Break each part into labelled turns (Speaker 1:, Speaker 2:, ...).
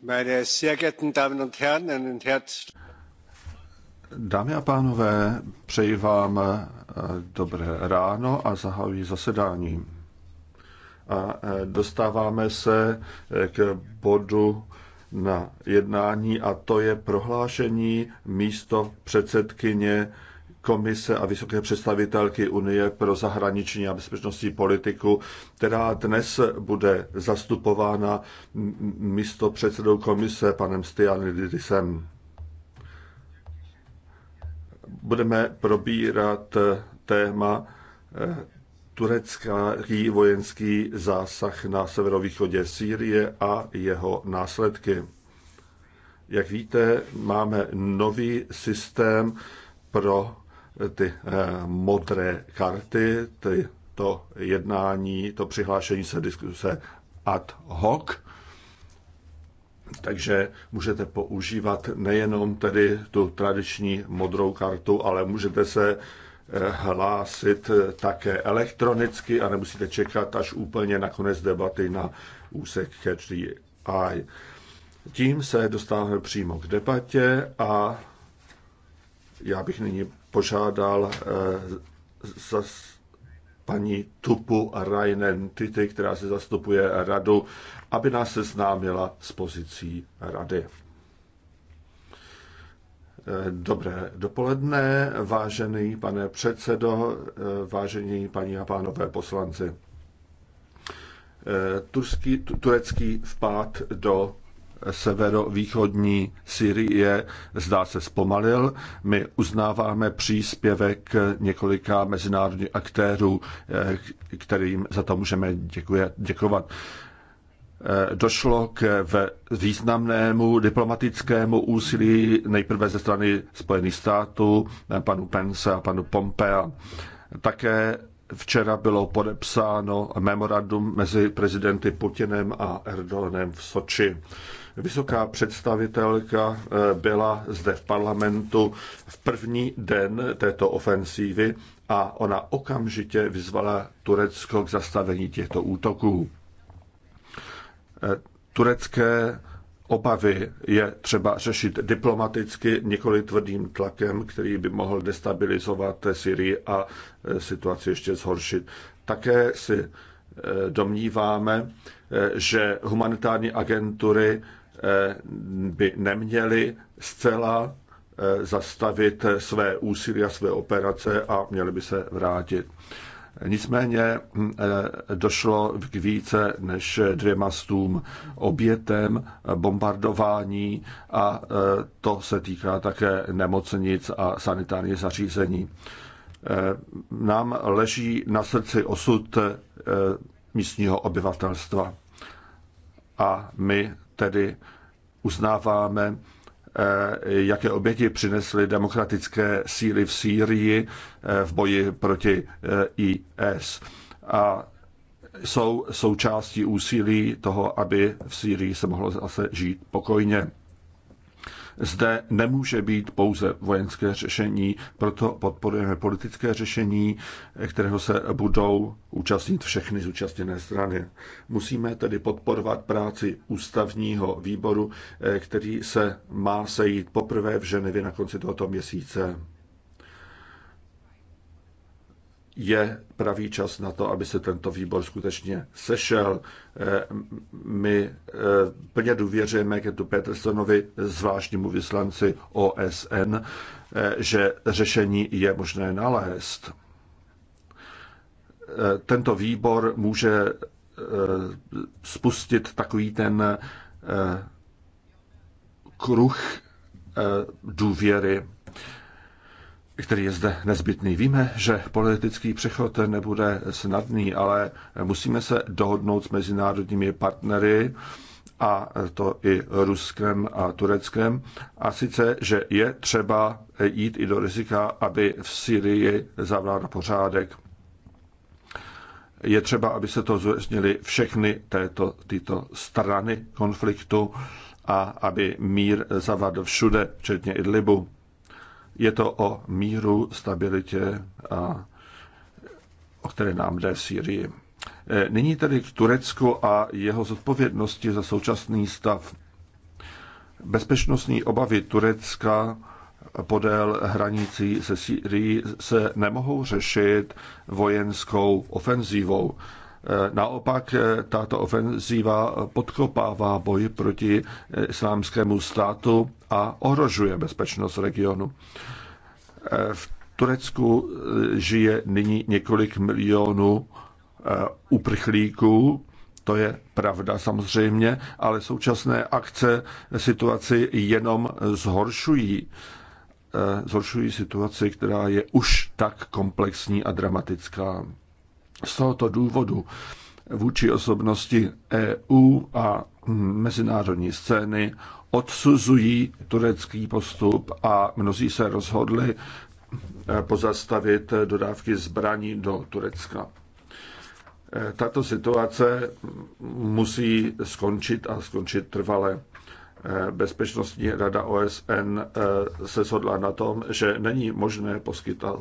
Speaker 1: Meine sehr geehrten Damen und Herren, einen
Speaker 2: Dámy a pánové, přeji vám eh, dobré ráno a zahajuji zasedání. A eh, dostáváme se eh, k bodu na jednání a to je prohlášení místo předsedkyně komise a vysoké představitelky Unie pro zahraniční a bezpečnostní politiku, která dnes bude zastupována místo předsedou komise panem Stianidisem. Budeme probírat eh, téma eh, turecký vojenský zásah na severovýchodě Sýrie a jeho následky. Jak víte, máme nový systém pro ty eh, modré karty, ty, to jednání, to přihlášení se diskuse ad hoc. Takže můžete používat nejenom tedy tu tradiční modrou kartu, ale můžete se eh, hlásit eh, také elektronicky a nemusíte čekat až úplně na konec debaty na úsek Catch the Eye. Tím se dostáváme přímo k debatě a já bych nyní požádal eh, za paní Tupu Rainen Tity, která se zastupuje radu, aby nás seznámila s pozicí rady. Eh, dobré dopoledne, vážený pane předsedo, eh, vážení paní a pánové poslanci. Turský, turecký vpád do severovýchodní Syrie zdá se zpomalil. My uznáváme příspěvek několika mezinárodních aktérů, eh, kterým za to můžeme děkuje, děkovat. Eh, došlo k významnému diplomatickému úsilí nejprve ze strany Spojených států, eh, panu Pence a panu Pompea. Také Včera bylo podepsáno memorandum mezi prezidenty Putinem a Erdoganem v Soči. Vysoká představitelka eh, byla zde v parlamentu v první den této ofensívy a ona okamžitě vyzvala Turecko k zastavení těchto útoků. Eh, turecké obavy je třeba řešit diplomaticky, nikoli tvrdým tlakem, který by mohl destabilizovat Syrii a eh, situaci ještě zhoršit. Také si domníváme, že humanitární agentury by neměli zcela eh, zastavit své úsilí a své operace a měli by se vrátit. Nicméně hm, eh, došlo k více než dvěma stům obětem eh, bombardování a to se týká také nemocnic a sanitárních zařízení. Nám leží na srdci osud místního obyvatelstva a my tedy uznáváme, eh, jaké oběti přinesly demokratické síly v Sýrii eh, v boji proti eh, IS. A jsou součástí úsilí toho, aby v Sýrii se mohlo zase žít pokojně. Zde nemůže být pouze vojenské řešení, proto podporujeme politické řešení, kterého se budou účastnit všechny zúčastněné strany. Musíme tedy podporovat práci ústavního výboru, eh, který se má sejít poprvé v Ženevě na konci tohoto měsíce je pravý čas na to, aby se tento výbor skutečně sešel. Eh, my eh, plně důvěřujeme Ketu Petersonovi, zvláštnímu vyslanci OSN, eh, že řešení je možné nalézt. Tento výbor může spustit takový ten kruh důvěry který je zde nezbytný. Víme, že politický přechod nebude snadný, ale musíme se dohodnout s mezinárodními partnery, a to i Ruskem a Tureckem. A sice, že je třeba jít i do rizika, aby v Syrii zavládl pořádek. Je třeba, aby se to zúčastnili všechny této, tyto strany konfliktu a aby mír zavadl všude, včetně Idlibu. Je to o míru, stabilitě a o které nám jde v Sýrii. E, nyní tedy k Turecku a jeho zodpovědnosti za současný stav. Bezpečnostní obavy Turecka podél hranicí se Syrií se nemohou řešit vojenskou ofenzívou. E, naopak e, tato ofenzíva podkopává boj proti islámskému státu a ohrožuje bezpečnost regionu. E, v Turecku e, žije nyní několik milionů e, uprchlíků, to je pravda samozřejmě, ale současné akce situaci jenom zhoršují. Zhoršují situaci, která je už tak komplexní a dramatická. Z tohoto důvodu vůči osobnosti EU a mezinárodní scény odsuzují turecký postup a mnozí se rozhodli eh, pozastavit dodávky zbraní do Turecka. Eh, tato situace musí skončit a skončit trvale. Eh, bezpečnostní rada OSN eh, se shodla na tom, že není možné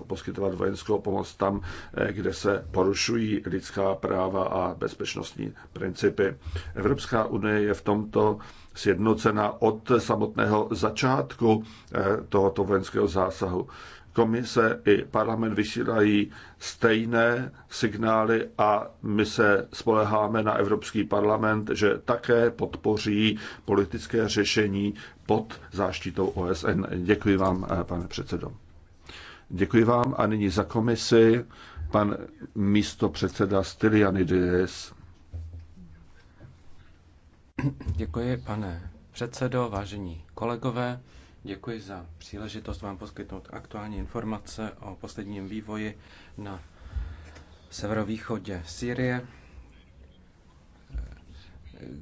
Speaker 2: poskytovat vojenskou pomoc tam, eh, kde se porušují lidská práva a bezpečnostní principy. Evropská unie je v tomto sjednocena od samotného začátku tohoto vojenského zásahu komise i parlament vysílají stejné signály a my se spoleháme na Evropský parlament, že také podpoří politické řešení pod záštitou OSN. Děkuji vám, eh, pane předsedo. Děkuji vám a nyní za komisi pan místo předseda Stylianides.
Speaker 3: Děkuji, pane předsedo, vážení kolegové. Děkuji za příležitost vám poskytnout aktuální informace o posledním vývoji na severovýchodě Sýrie,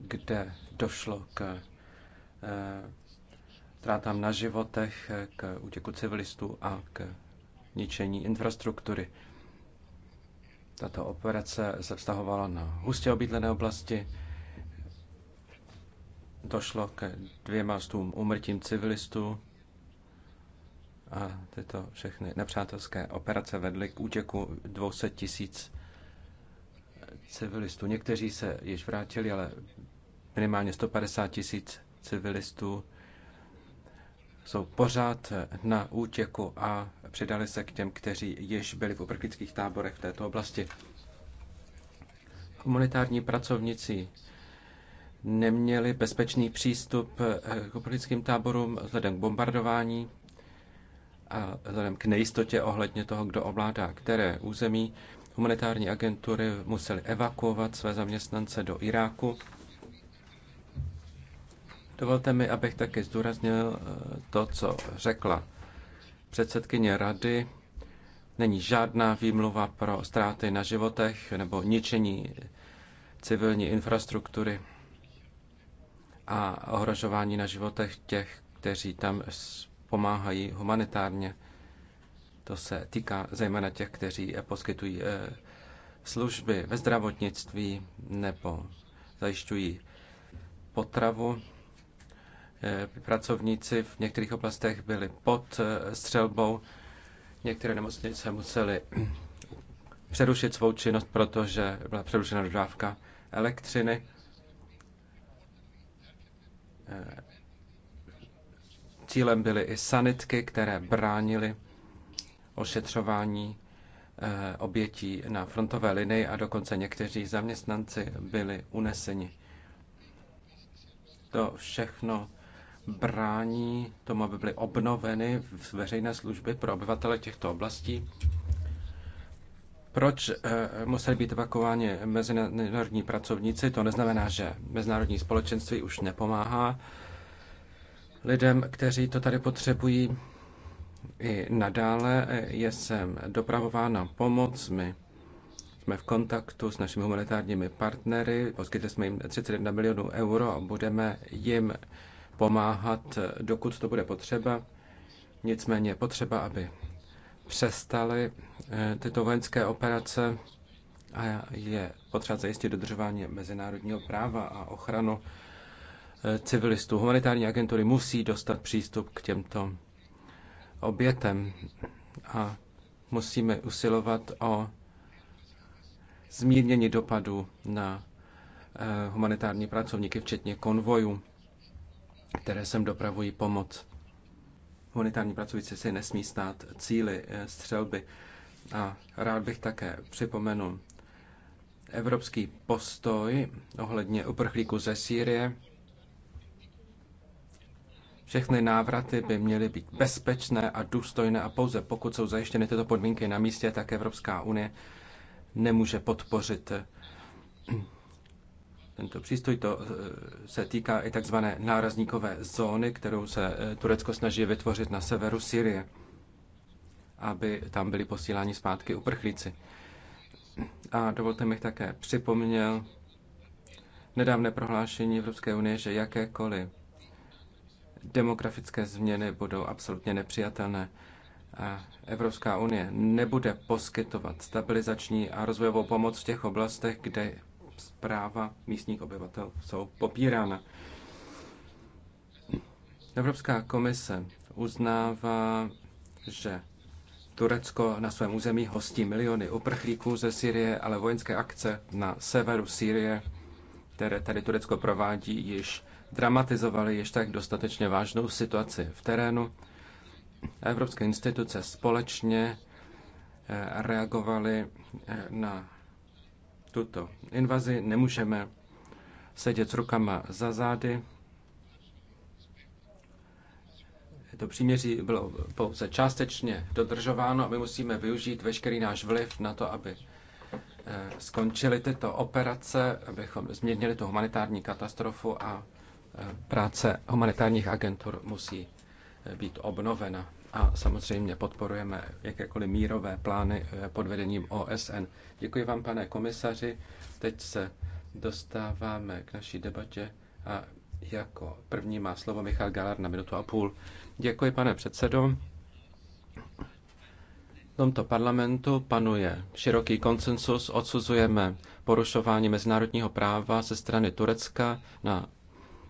Speaker 3: kde došlo k eh, ztrátám na životech, k útěku civilistů a k ničení infrastruktury. Tato operace se vztahovala na hustě obydlené oblasti, došlo ke dvěma stům umrtím civilistů a tyto všechny nepřátelské operace vedly k útěku 200 tisíc civilistů. Někteří se již vrátili, ale minimálně 150 tisíc civilistů jsou pořád na útěku a přidali se k těm, kteří již byli v uprchlických táborech v této oblasti. Humanitární pracovníci neměli bezpečný přístup eh, k uprchlickým táborům vzhledem k bombardování a vzhledem k nejistotě ohledně toho, kdo ovládá které území. Humanitární agentury musely evakuovat své zaměstnance do Iráku. Dovolte mi, abych také zdůraznil eh, to, co řekla předsedkyně rady. Není žádná výmluva pro ztráty na životech nebo ničení civilní infrastruktury a ohrožování na životech těch, kteří tam pomáhají humanitárně. To se týká zejména těch, kteří eh, poskytují eh, služby ve zdravotnictví nebo zajišťují potravu. Eh, pracovníci v některých oblastech byli pod střelbou. Některé nemocnice museli přerušit svou činnost, protože byla přerušena dodávka elektřiny. Eh, cílem byly i sanitky, které bránily ošetřování eh, obětí na frontové linii a dokonce někteří zaměstnanci byli uneseni. To všechno brání tomu, aby byly obnoveny veřejné služby pro obyvatele těchto oblastí. Proč eh, museli být evakuováni mezinárodní pracovníci? To neznamená, že mezinárodní společenství už nepomáhá lidem, kteří to tady potřebují. I nadále eh, je sem dopravována pomoc. My jsme v kontaktu s našimi humanitárními partnery, poskytli jsme jim 31 milionů euro a budeme jim pomáhat, eh, dokud to bude potřeba. Nicméně potřeba, aby přestaly eh, tyto vojenské operace a je potřeba zajistit dodržování mezinárodního práva a ochranu eh, civilistů. Humanitární agentury musí dostat přístup k těmto obětem a musíme usilovat o zmírnění dopadu na eh, humanitární pracovníky, včetně konvojů, které sem dopravují pomoc. Humanitární pracovníci se nesmí stát cíly eh, střelby. A rád bych také připomenul evropský postoj ohledně uprchlíků ze Sýrie. Všechny návraty by měly být bezpečné a důstojné a pouze pokud jsou zajištěny tyto podmínky na místě, tak Evropská unie nemůže podpořit tento přístoj. To eh, se týká i takzvané nárazníkové zóny, kterou se eh, Turecko snaží vytvořit na severu Syrie, aby tam byli posíláni zpátky uprchlíci. A dovolte mi také připomněl nedávné prohlášení Evropské unie, že jakékoliv demografické změny budou absolutně nepřijatelné. A Evropská unie nebude poskytovat stabilizační a rozvojovou pomoc v těch oblastech, kde práva místních obyvatel jsou popírána. Evropská komise uznává, že Turecko na svém území hostí miliony uprchlíků ze Syrie, ale vojenské akce na severu Syrie, které tady Turecko provádí, již dramatizovaly již tak dostatečně vážnou situaci v terénu. Evropské instituce společně eh, reagovaly eh, na tuto invazi, nemůžeme sedět s rukama za zády. To příměří bylo pouze částečně dodržováno a my musíme využít veškerý náš vliv na to, aby eh, skončily tyto operace, abychom změnili tu humanitární katastrofu a eh, práce humanitárních agentur musí eh, být obnovena a samozřejmě podporujeme jakékoliv mírové plány eh, pod vedením OSN. Děkuji vám, pane komisaři. Teď se dostáváme k naší debatě a jako první má slovo Michal Galar na minutu a půl. Děkuji, pane předsedo. V tomto parlamentu panuje široký konsensus, odsuzujeme porušování mezinárodního práva ze strany Turecka na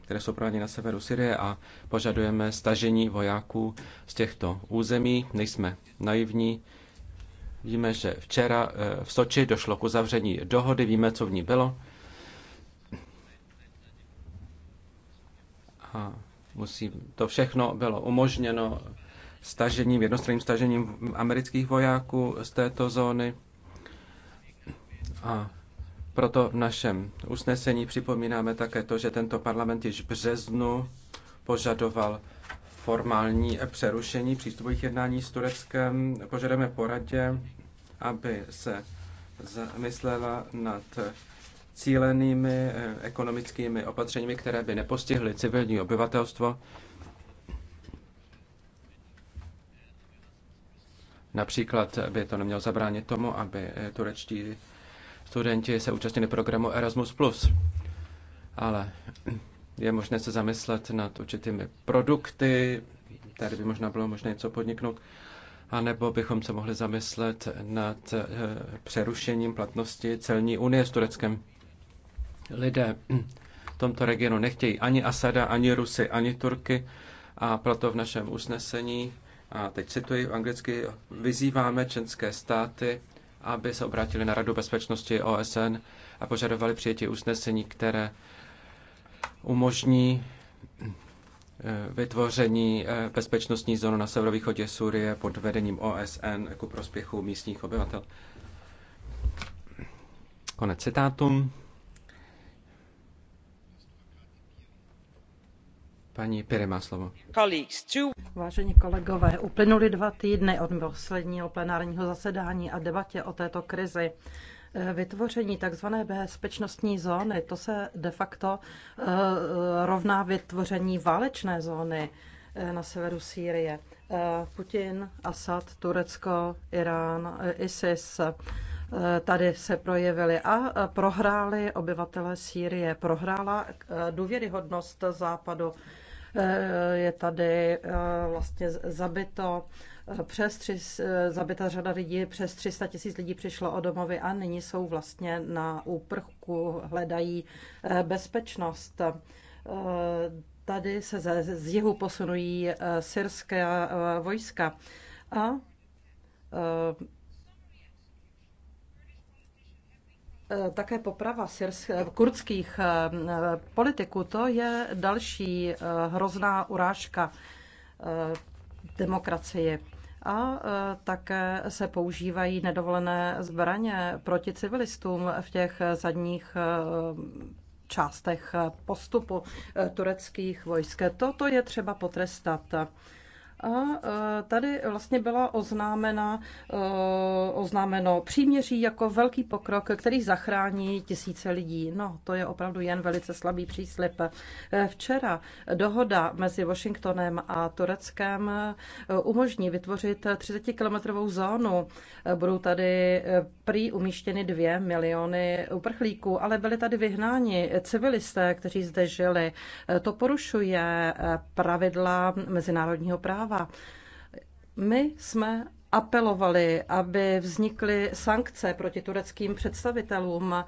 Speaker 3: které jsou právě na severu Syrie a požadujeme stažení vojáků z těchto území. Nejsme naivní. Víme, že včera eh, v Soči došlo k uzavření dohody, víme, co v ní bylo. A musím, to všechno bylo umožněno stažením, jednostranným stažením amerických vojáků z této zóny. A proto v našem usnesení připomínáme také to, že tento parlament již v březnu požadoval formální přerušení přístupových jednání s Tureckem. Požadujeme poradě, aby se zamyslela nad cílenými eh, ekonomickými opatřeními, které by nepostihly civilní obyvatelstvo. Například by to nemělo zabránit tomu, aby eh, turečtí studenti se účastnili programu Erasmus+. Ale je možné se zamyslet nad určitými produkty, tady by možná bylo možné něco podniknout, anebo bychom se mohli zamyslet nad eh, přerušením platnosti celní unie s Tureckem. Lidé v tomto regionu nechtějí ani Asada, ani Rusy, ani Turky a proto v našem usnesení, a teď cituji anglicky, vyzýváme členské státy, aby se obrátili na Radu bezpečnosti OSN a požadovali přijetí usnesení, které umožní eh, vytvoření eh, bezpečnostní zóny na severovýchodě Sýrie pod vedením OSN ku prospěchu místních obyvatel. Konec citátu. Paní Pire slovo.
Speaker 4: Vážení kolegové, uplynuly dva týdny od posledního plenárního zasedání a debatě o této krizi. Eh, vytvoření tzv. bezpečnostní zóny, to se de facto eh, rovná vytvoření válečné zóny eh, na severu Sýrie. Putin, Assad, Turecko, Irán, ISIS tady se projevili a prohráli obyvatele Sýrie, prohrála důvěryhodnost západu Eh, je tady eh, vlastně zabito eh, přes tři, zabita řada lidí, přes 300 tisíc lidí přišlo o domovy a nyní jsou vlastně na úprchku, hledají bezpečnost. Tady se ze z jihu posunují syrské vojska a Eh, také poprava eh, kurdských eh, politiků, to je další hrozná urážka demokracie. A také se používají nedovolené zbraně proti civilistům v těch zadních částech postupu tureckých vojsk. Toto je třeba potrestat. A e, tady vlastně byla oznámena, e, oznámeno příměří jako velký pokrok, který zachrání tisíce lidí. No, to je opravdu jen velice slabý příslip. E, včera dohoda mezi Washingtonem a Tureckem umožní vytvořit 30-kilometrovou zónu. Budou tady prý umístěny dvě miliony uprchlíků, ale byly tady vyhnáni civilisté, kteří zde žili. To porušuje pravidla mezinárodního práva práva. My jsme apelovali, aby vznikly sankce proti tureckým představitelům eh,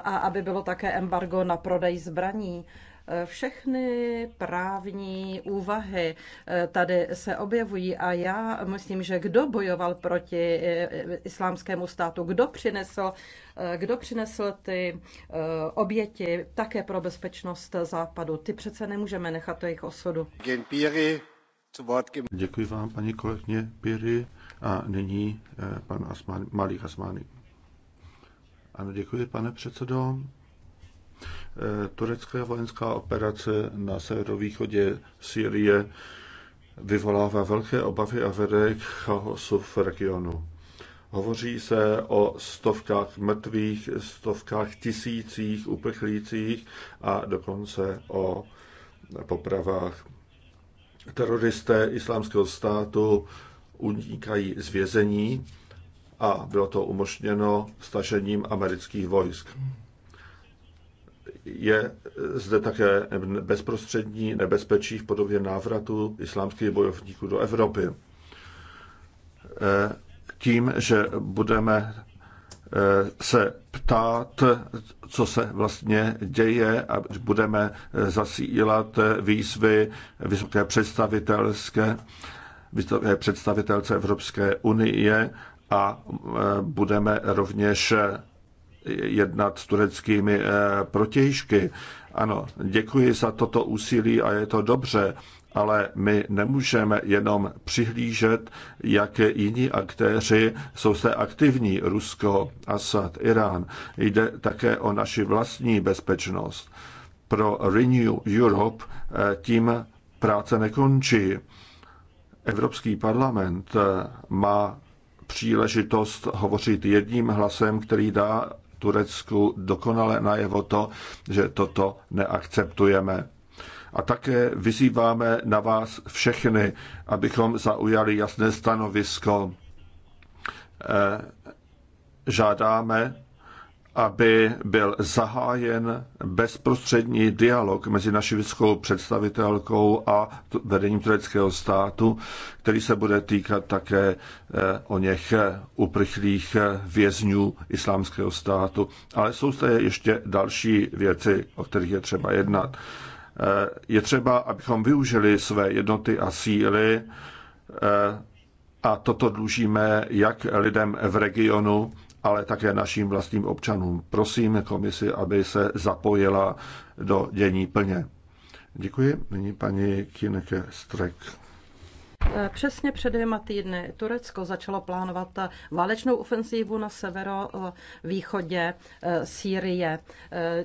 Speaker 4: a aby bylo také embargo na prodej zbraní. Eh, všechny právní úvahy eh, tady se objevují a já myslím, že kdo bojoval proti islámskému státu, kdo přinesl, kdo přinesl ty oběti také pro bezpečnost západu, ty přece nemůžeme nechat to jejich osudu.
Speaker 1: Genpíry.
Speaker 2: Děkuji vám, paní kolegyně Piry. A nyní eh, pan Asmán, Malík Asmány. Ano, děkuji, pane předsedo. Eh, Turecká vojenská operace na severovýchodě Sýrie vyvolává velké obavy a vede k chaosu v regionu. Hovoří se o stovkách mrtvých, stovkách tisících uprchlících a dokonce o popravách. Teroristé islámského státu unikají z vězení a bylo to umožněno stažením amerických vojsk. Je zde také bezprostřední nebezpečí v podobě návratu islámských bojovníků do Evropy. E, tím, že budeme se ptát, co se vlastně děje a budeme zasílat výzvy vysoké představitelské, vysoké představitelce Evropské unie a e, budeme rovněž jednat s tureckými e, protějšky. Ano, děkuji za toto úsilí a je to dobře, ale my nemůžeme jenom přihlížet, jak jiní aktéři jsou se aktivní, Rusko, Assad, Irán. Jde také o naši vlastní bezpečnost. Pro Renew Europe eh, tím práce nekončí. Evropský parlament eh, má příležitost hovořit jedním hlasem, který dá Turecku dokonale najevo to, že toto neakceptujeme. A také vyzýváme na vás všechny, abychom zaujali jasné stanovisko. Eh, žádáme, aby byl zahájen bezprostřední dialog mezi naší vyskou představitelkou a vedením tureckého státu, který se bude týkat také eh, o něch eh, uprchlých vězňů islámského státu. Ale jsou zde ještě další věci, o kterých je třeba jednat. Eh, je třeba, abychom využili své jednoty a síly eh, a toto dlužíme jak lidem v regionu, ale také našim vlastním občanům. Prosím komisi, aby se zapojila do dění plně. Děkuji. Nyní paní Kineke Strek.
Speaker 4: Eh, přesně před dvěma týdny Turecko začalo plánovat eh, válečnou ofenzívu na severovýchodě eh, Sýrie.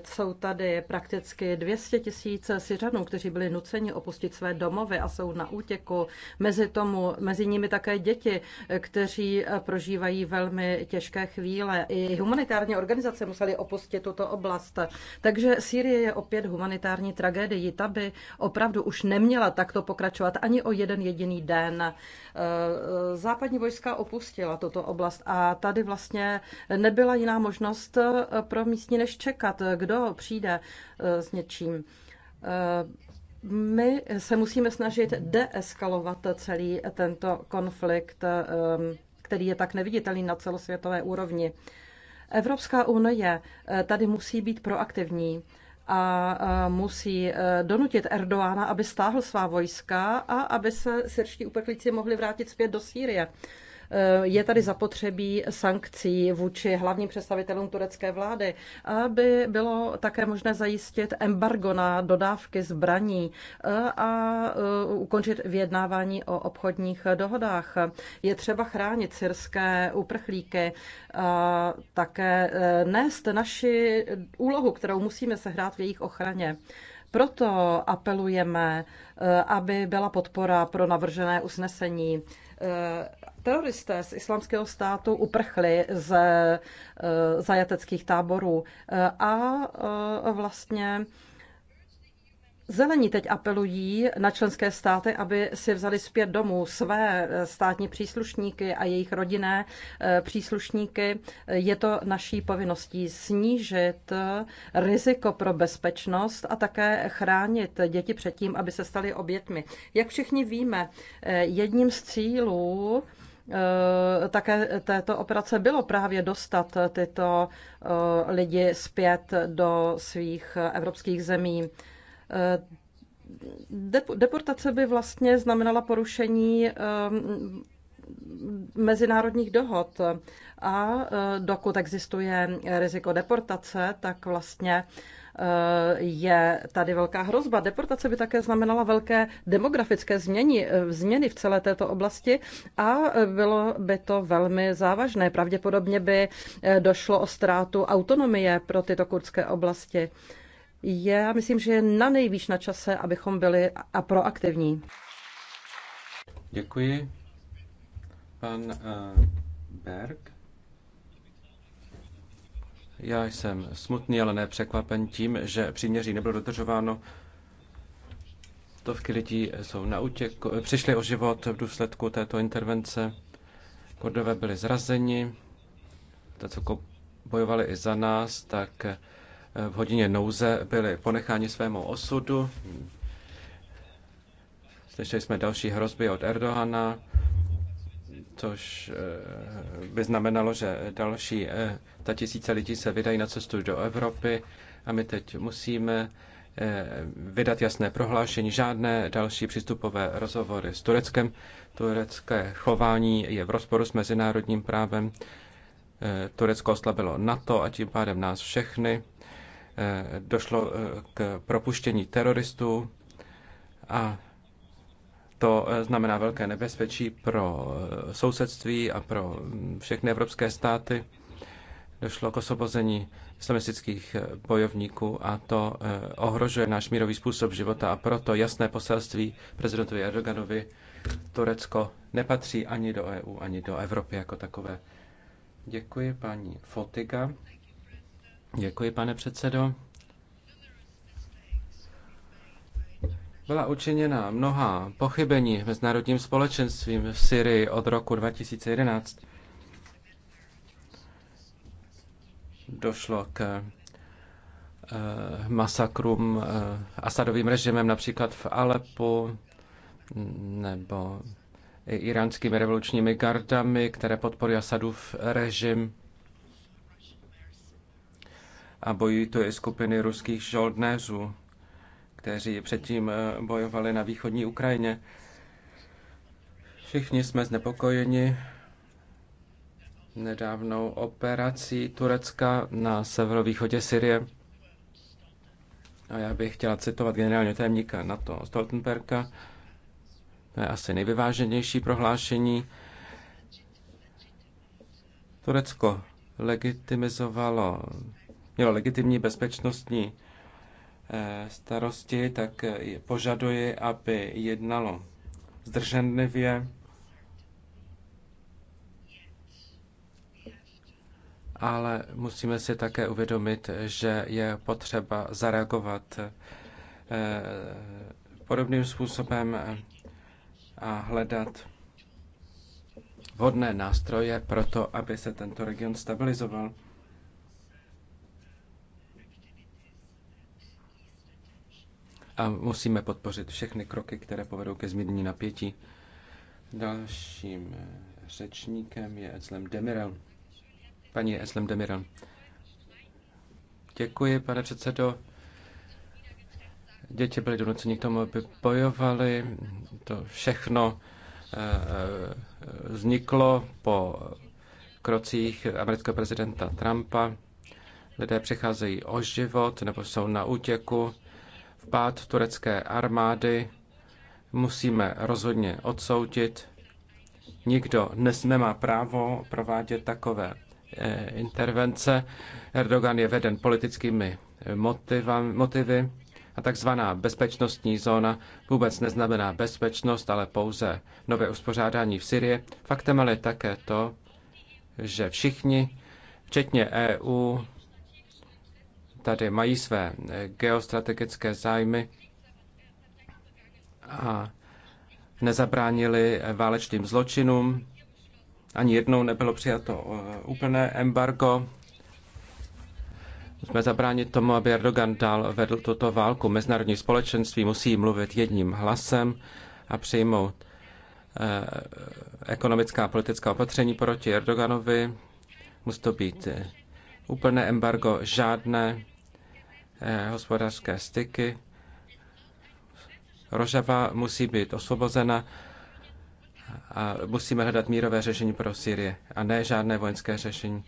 Speaker 4: Jsou tady prakticky 200 tisíc Syřanů, kteří byli nuceni opustit své domovy a jsou na útěku. Mezi, tomu, mezi nimi také děti, kteří prožívají velmi těžké chvíle. I humanitární organizace museli opustit tuto oblast. Takže Sýrie je opět humanitární tragédii. Ta by opravdu už neměla takto pokračovat ani o jeden jediný den den. Eh, západní vojska opustila tuto oblast a tady vlastně nebyla jiná možnost eh, pro místní než čekat, kdo přijde eh, s něčím. My se musíme snažit deeskalovat celý tento konflikt, který je tak neviditelný na celosvětové úrovni. Evropská unie tady musí být proaktivní a musí e, donutit Erdoána, aby stáhl svá vojska a aby se syrští uprchlíci mohli vrátit zpět do Sýrie. Eh, je tady zapotřebí sankcí vůči hlavním představitelům turecké vlády, aby bylo také možné zajistit embargo na dodávky zbraní eh, a eh, ukončit vyjednávání o obchodních dohodách. Je třeba chránit syrské uprchlíky, a také nést naši úlohu, kterou musíme sehrát v jejich ochraně. Proto apelujeme, aby byla podpora pro navržené usnesení. Eh, teroristé z islamského státu uprchli ze eh, zajateckých táborů eh, a vlastně Zelení teď apelují na členské státy, aby si vzali zpět domů své eh, státní příslušníky a jejich rodinné eh, příslušníky. Je to naší povinností snížit eh, riziko pro bezpečnost a také chránit děti před tím, aby se staly obětmi. Jak všichni víme, jedním z cílů také této operace bylo právě dostat tyto lidi zpět do svých evropských zemí. Eh, deportace by vlastně znamenala porušení eh, mezinárodních dohod a eh, dokud existuje riziko deportace, tak vlastně je tady velká hrozba. Deportace by také znamenala velké demografické změny, změny v celé této oblasti a bylo by to velmi závažné. Pravděpodobně by došlo o ztrátu autonomie pro tyto kurdské oblasti. Já myslím, že je na nejvýš na čase, abychom byli a proaktivní.
Speaker 3: Děkuji. Pan uh, Berg. Já jsem smutný, ale ne překvapen tím, že příměří nebylo dodržováno. Stovky lidí jsou na útěku, přišli o život v důsledku této intervence. Kordové byli zrazeni, to, co bojovali i za nás, tak Eh, v hodině nouze byli ponecháni svému osudu. Slyšeli jsme další hrozby od Erdohana, což eh, by znamenalo, že další eh, ta tisíce lidí se vydají na cestu do Evropy a my teď musíme vydat jasné prohlášení, žádné další přístupové rozhovory s Tureckem. Turecké chování je v rozporu s mezinárodním právem. Turecko oslabilo NATO a tím pádem nás všechny. Eh, došlo eh, k propuštění teroristů a to eh, znamená velké nebezpečí pro sousedství a pro mm, všechny evropské státy. Došlo k osvobození islamistických bojovníků a to ohrožuje náš mírový způsob života a proto jasné poselství prezidentovi Erdoganovi Turecko nepatří ani do EU, ani do Evropy jako takové. Děkuji paní Fotiga. Děkuji, pane předsedo. Byla učiněna mnoha pochybení mezinárodním společenstvím v Syrii od roku 2011. Došlo k eh, masakrům eh, Asadovým režimem, například v Alepu, nebo iránskými revolučními gardami, které podporují Asadův režim a bojují to i skupiny ruských žoldnéřů, kteří předtím eh, bojovali na východní Ukrajině. Všichni jsme znepokojeni nedávnou operací Turecka na severovýchodě Syrie. A já bych chtěla citovat generálního tajemníka NATO Stoltenberga. To je asi nejvyváženější prohlášení. Turecko legitimizovalo mělo legitimní bezpečnostní eh, starosti, tak požaduje, aby jednalo zdrženlivě ale musíme si také uvědomit, že je potřeba zareagovat eh, podobným způsobem eh, a hledat vhodné nástroje pro to, aby se tento region stabilizoval. a musíme podpořit všechny kroky, které povedou ke zmírnění napětí. Dalším eh, řečníkem je Eslem Demiral. Paní Eslem Demiral. Děkuji, pane předsedo. Děti byly donuceni k tomu, aby bojovali. To všechno eh, eh, vzniklo po krocích amerického prezidenta Trumpa. Lidé přicházejí o život nebo jsou na útěku pád turecké armády musíme rozhodně odsoudit. Nikdo dnes nemá právo provádět takové eh, intervence. Erdogan je veden politickými motivy a takzvaná bezpečnostní zóna vůbec neznamená bezpečnost, ale pouze nové uspořádání v Syrii. Faktem ale je také to, že všichni, včetně EU, tady mají své eh, geostrategické zájmy a nezabránili eh, válečným zločinům. Ani jednou nebylo přijato eh, úplné embargo. Musíme zabránit tomu, aby Erdogan dál vedl tuto válku. Mezinárodní společenství musí mluvit jedním hlasem a přijmout ekonomická a politická opatření proti Erdoganovi. Musí to být úplné embargo, žádné Eh, hospodářské styky. Rožava musí být osvobozena a musíme hledat mírové řešení pro Syrie a ne žádné vojenské řešení.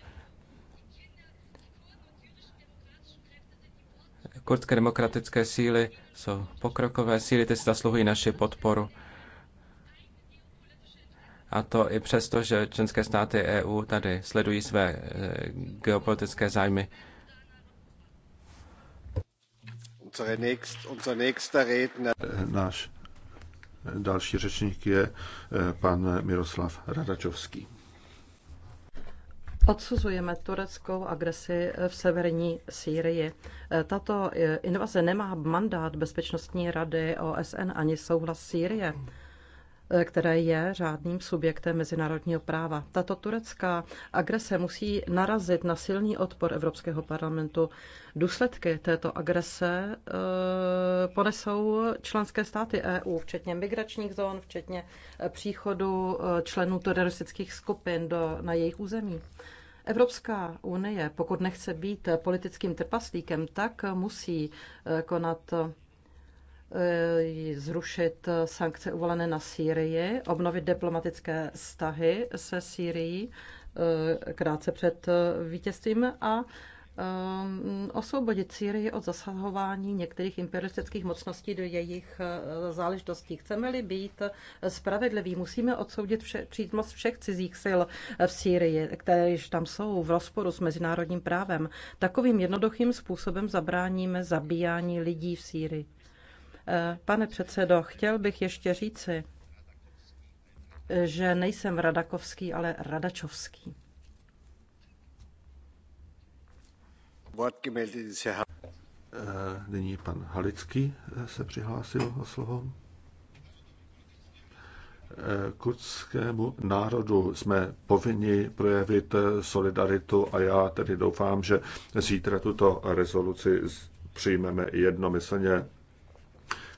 Speaker 3: Kurdské demokratické síly jsou pokrokové síly, ty si zasluhují naši podporu. A to i přesto, že členské státy EU tady sledují své eh, geopolitické zájmy. Náš další řečník je
Speaker 2: eh, pan Miroslav Radačovský.
Speaker 4: Odsuzujeme tureckou agresi v severní Sýrii. Eh, tato eh, invaze nemá mandát Bezpečnostní rady OSN ani souhlas Sýrie. Hmm Eh, které je řádným subjektem mezinárodního práva. Tato turecká agrese musí narazit na silný odpor Evropského parlamentu. Důsledky této agrese eh, ponesou členské státy EU, včetně migračních zón, včetně eh, příchodu členů teroristických skupin do, na jejich území. Evropská unie, pokud nechce být politickým trpaslíkem, tak musí konat Eh, zrušit sankce uvolené na Sýrii, obnovit diplomatické vztahy se Sýrií eh, krátce před eh, vítězstvím a osvobodit Sýrii od zasahování některých imperialistických mocností do jejich záležitostí. Chceme-li být spravedliví, musíme odsoudit vše, přítomnost všech cizích sil v Sýrii, které již tam jsou v rozporu s mezinárodním právem. Takovým jednoduchým způsobem zabráníme zabíjání lidí v Sýrii. Pane předsedo, chtěl bych ještě říci, že nejsem Radakovský, ale Radačovský.
Speaker 2: Nyní pan Halický se přihlásil o slovo. Kurdskému národu jsme povinni projevit solidaritu a já tedy doufám, že zítra tuto rezoluci přijmeme jednomyslně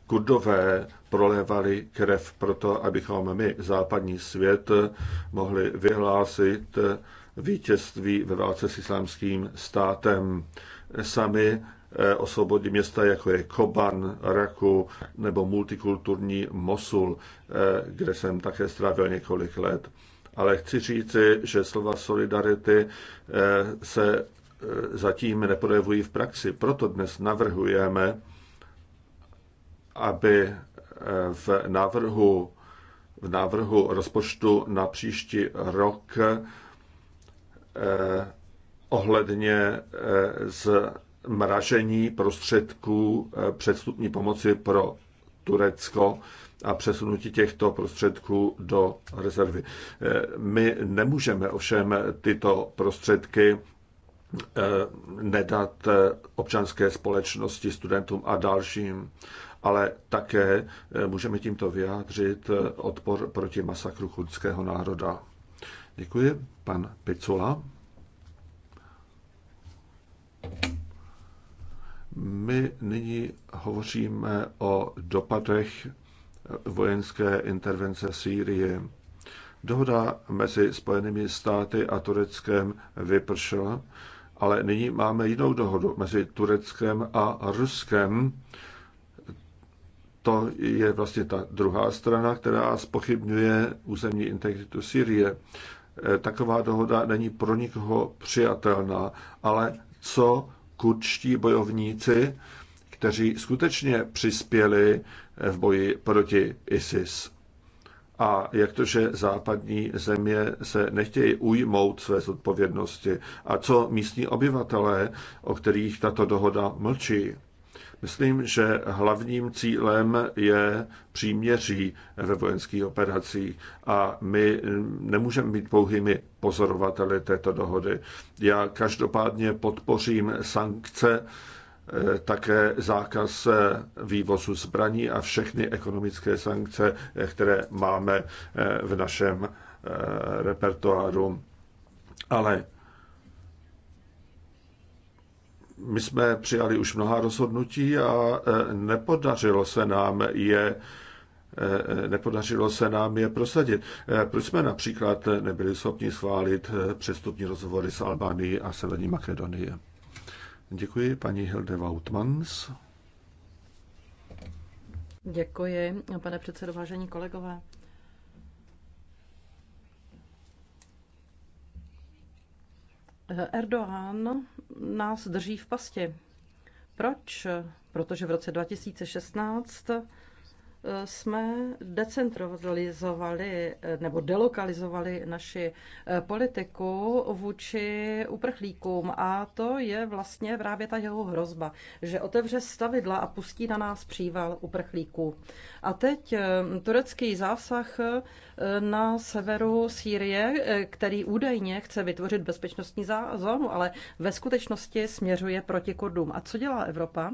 Speaker 2: kurdové prolévali krev proto, abychom my, západní svět, mohli vyhlásit vítězství ve válce s islámským státem. Sami eh, osvobodí města, jako je Koban, Raku nebo multikulturní Mosul, eh, kde jsem také strávil několik let. Ale chci říci, že slova solidarity eh, se zatím neprojevují v praxi. Proto dnes navrhujeme, aby eh, v návrhu, v návrhu rozpočtu na příští rok eh, ohledně eh, zmražení prostředků předstupní pomoci pro Turecko a přesunutí těchto prostředků do rezervy. My nemůžeme ovšem tyto prostředky nedat občanské společnosti, studentům a dalším ale také eh, můžeme tímto vyjádřit eh, odpor proti masakru chudského národa. Děkuji. Pan Picula. My nyní hovoříme o dopadech eh, vojenské intervence Sýrie. Dohoda mezi Spojenými státy a Tureckem vypršela, ale nyní máme jinou dohodu mezi Tureckem a Ruskem to je vlastně ta druhá strana, která spochybňuje územní integritu Syrie. E, taková dohoda není pro nikoho přijatelná, ale co kurdští bojovníci, kteří skutečně přispěli e, v boji proti ISIS. A jak to, že západní země se nechtějí ujmout své zodpovědnosti? A co místní obyvatelé, o kterých tato dohoda mlčí? Myslím, že hlavním cílem je příměří ve vojenských operacích a my nemůžeme být pouhými pozorovateli této dohody. Já každopádně podpořím sankce, eh, také zákaz eh, vývozu zbraní a všechny ekonomické sankce, eh, které máme v našem repertoáru. Ale my jsme přijali už mnoha rozhodnutí a e, nepodařilo se nám je e, e, nepodařilo se nám je prosadit. Proč jsme například nebyli schopni schválit přestupní rozhovory s Albánií a Severní Makedonie? Děkuji, paní Hilde Vautmans.
Speaker 4: Děkuji, pane předsedo, vážení kolegové. Erdoğan nás drží v pasti. Proč? Protože v roce 2016 jsme decentralizovali eh, nebo delokalizovali naši eh, politiku vůči uprchlíkům a to je vlastně právě ta jeho hrozba, že otevře stavidla a pustí na nás příval uprchlíků. A teď eh, turecký zásah na severu Sýrie, který údajně chce vytvořit bezpečnostní zónu, ale ve skutečnosti směřuje proti Kurdům. A co dělá Evropa?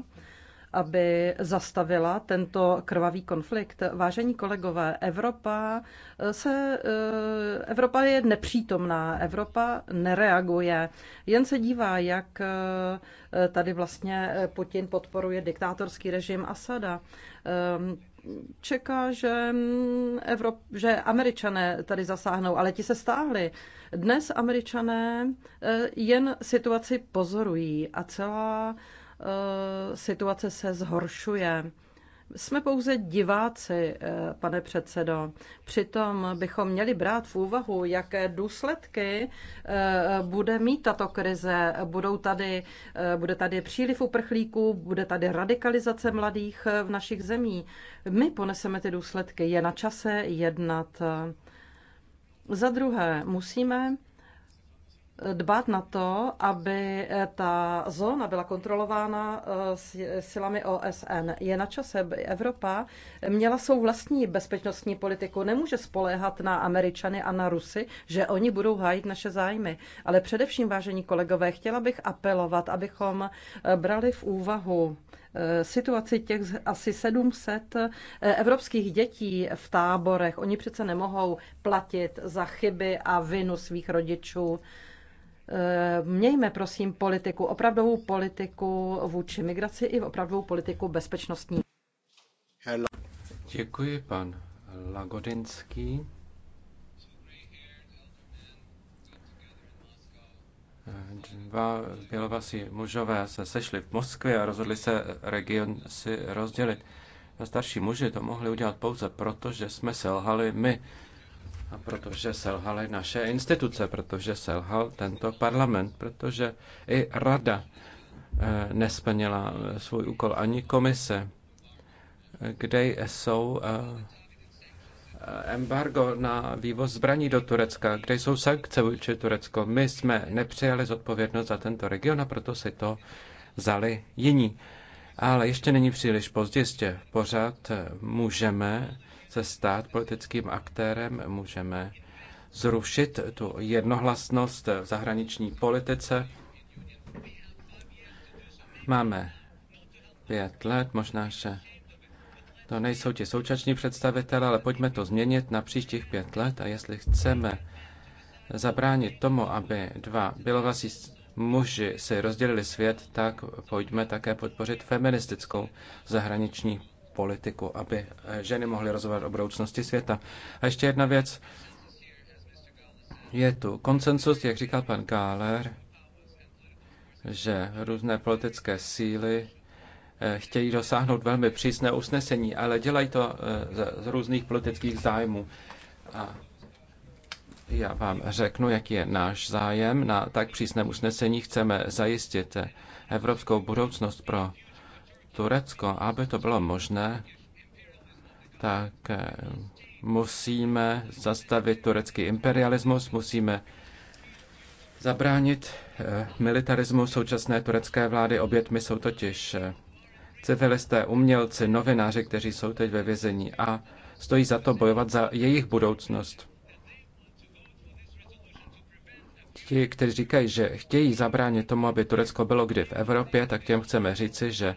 Speaker 4: aby zastavila tento krvavý konflikt. Vážení kolegové, Evropa, eh, se, eh, Evropa je nepřítomná, Evropa nereaguje, jen se dívá, jak eh, tady vlastně Putin podporuje diktátorský režim Asada čeká, že, mm, Evrop, že američané tady zasáhnou, ale ti se stáhli. Dnes američané jen situaci pozorují a celá Eh, situace se zhoršuje. Jsme pouze diváci, eh, pane předsedo. Přitom bychom měli brát v úvahu, jaké důsledky eh, bude mít tato krize. Budou tady, bude tady příliv uprchlíků, bude tady radikalizace mladých v našich zemí. My poneseme ty důsledky. Je na čase jednat. Za druhé, musíme dbát na to, aby ta zóna byla kontrolována eh, silami OSN. Je na čase, aby Evropa měla svou vlastní bezpečnostní politiku. Nemůže spoléhat na Američany a na Rusy, že oni budou hájit naše zájmy. Ale především, vážení kolegové, chtěla bych apelovat, abychom eh, brali v úvahu eh, situaci těch asi 700 evropských dětí v táborech. Oni přece nemohou platit za chyby a vinu svých rodičů. Eh, mějme prosím politiku, opravdovou politiku vůči migraci i opravdovou politiku bezpečnostní.
Speaker 3: Děkuji, pan Lagodinský. Dva bělovasí mužové se sešli v Moskvě a rozhodli se region si rozdělit. A starší muži to mohli udělat pouze proto, že jsme selhali my a protože selhaly naše instituce, protože selhal tento parlament, protože i rada eh, nesplnila eh, svůj úkol, ani komise, eh, kde jsou embargo na vývoz zbraní do Turecka, kde jsou sankce vůči Turecko. My jsme nepřijali zodpovědnost za tento region a proto si to vzali jiní. Ale ještě není příliš pozdě, ještě pořád můžeme se stát politickým aktérem, můžeme zrušit tu jednohlasnost v zahraniční politice. Máme pět let, možná, že to nejsou ti současní představitelé, ale pojďme to změnit na příštích pět let a jestli chceme zabránit tomu, aby dva bělovlasí muži si rozdělili svět, tak pojďme také podpořit feministickou zahraniční politiku, aby eh, ženy mohly rozhodovat o budoucnosti světa. A ještě jedna věc. Je tu konsensus, jak říkal pan Gáler, že různé politické síly eh, chtějí dosáhnout velmi přísné usnesení, ale dělají to eh, z různých politických zájmů. A já vám řeknu, jaký je náš zájem. Na tak přísném usnesení chceme zajistit evropskou budoucnost pro Turecko. Aby to bylo možné, tak eh, musíme zastavit turecký imperialismus, musíme zabránit eh, militarismu současné turecké vlády. Obětmi jsou totiž eh, civilisté, umělci, novináři, kteří jsou teď ve vězení a stojí za to bojovat za jejich budoucnost. Ti, kteří říkají, že chtějí zabránit tomu, aby Turecko bylo kdy v Evropě, tak těm chceme říci, že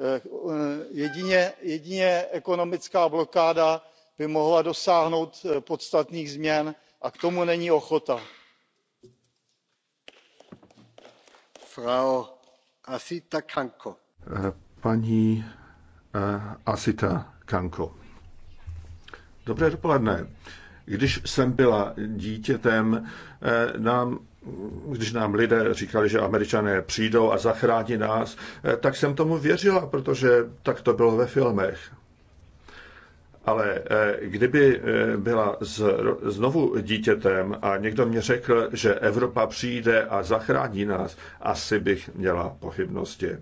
Speaker 1: Eh, jedině ekonomická blokáda by mohla dosáhnout eh, podstatných změn a k tomu není ochota. Eh,
Speaker 2: paní Kanko. Dobré dopoledne. Když jsem byla dítětem, nám když nám lidé říkali, že američané přijdou a zachrání nás, eh, tak jsem tomu věřila, protože tak to bylo ve filmech. Ale eh, kdyby eh, byla znovu dítětem a někdo mě řekl, že Evropa přijde a zachrání nás, asi bych měla pochybnosti.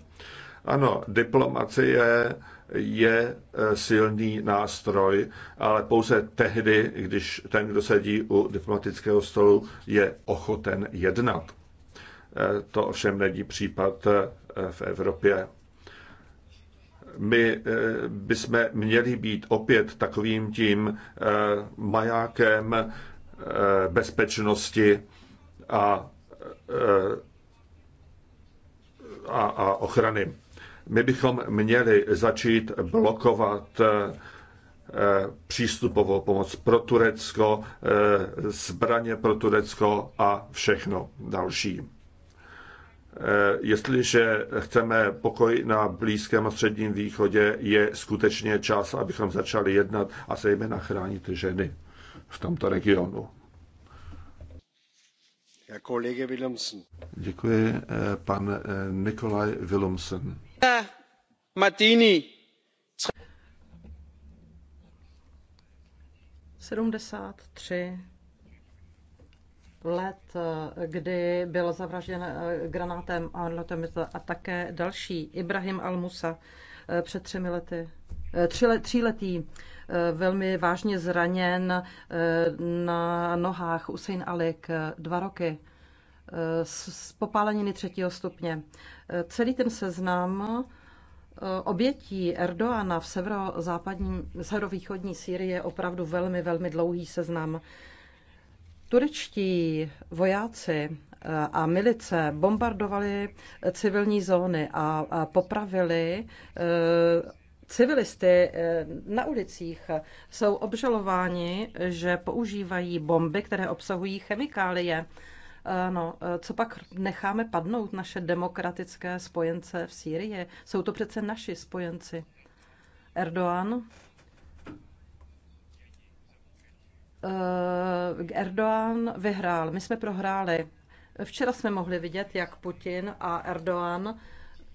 Speaker 2: Ano, diplomacie je eh, silný nástroj, ale pouze tehdy, když ten, kdo sedí u diplomatického stolu, je ochoten jednat. Eh, to ovšem není případ eh, v Evropě. My bychom měli být opět takovým tím majákem bezpečnosti a, a, a ochrany. My bychom měli začít blokovat eh, přístupovou pomoc pro Turecko, eh, zbraně pro Turecko a všechno další. Eh, jestliže chceme pokoj na Blízkém a Středním východě, je skutečně čas, abychom začali jednat a zejména chránit ženy v tomto regionu. Děkuji, pan Nikolaj Willumsen.
Speaker 4: Matini. 73 let, kdy byl zavražděn eh, granátem a také další, Ibrahim Al-Musa, eh, před třemi lety. Eh, tříletý, velmi vážně zraněn na nohách Usain Alik, dva roky z popáleniny třetího stupně. E, celý ten seznam e, obětí Erdoana v severozápadním, severovýchodní Sýrii je opravdu velmi, velmi dlouhý seznam. Turečtí vojáci e, a milice bombardovali civilní zóny a popravili civilisty na ulicích jsou obžalováni, že používají bomby, které obsahují chemikálie Eh, no, eh, co pak necháme padnout naše demokratické spojence v Sýrii? Jsou to přece naši spojenci. Erdoğan. Eh, Erdoğan vyhrál, my jsme prohráli. Včera jsme mohli vidět, jak Putin a Erdoğan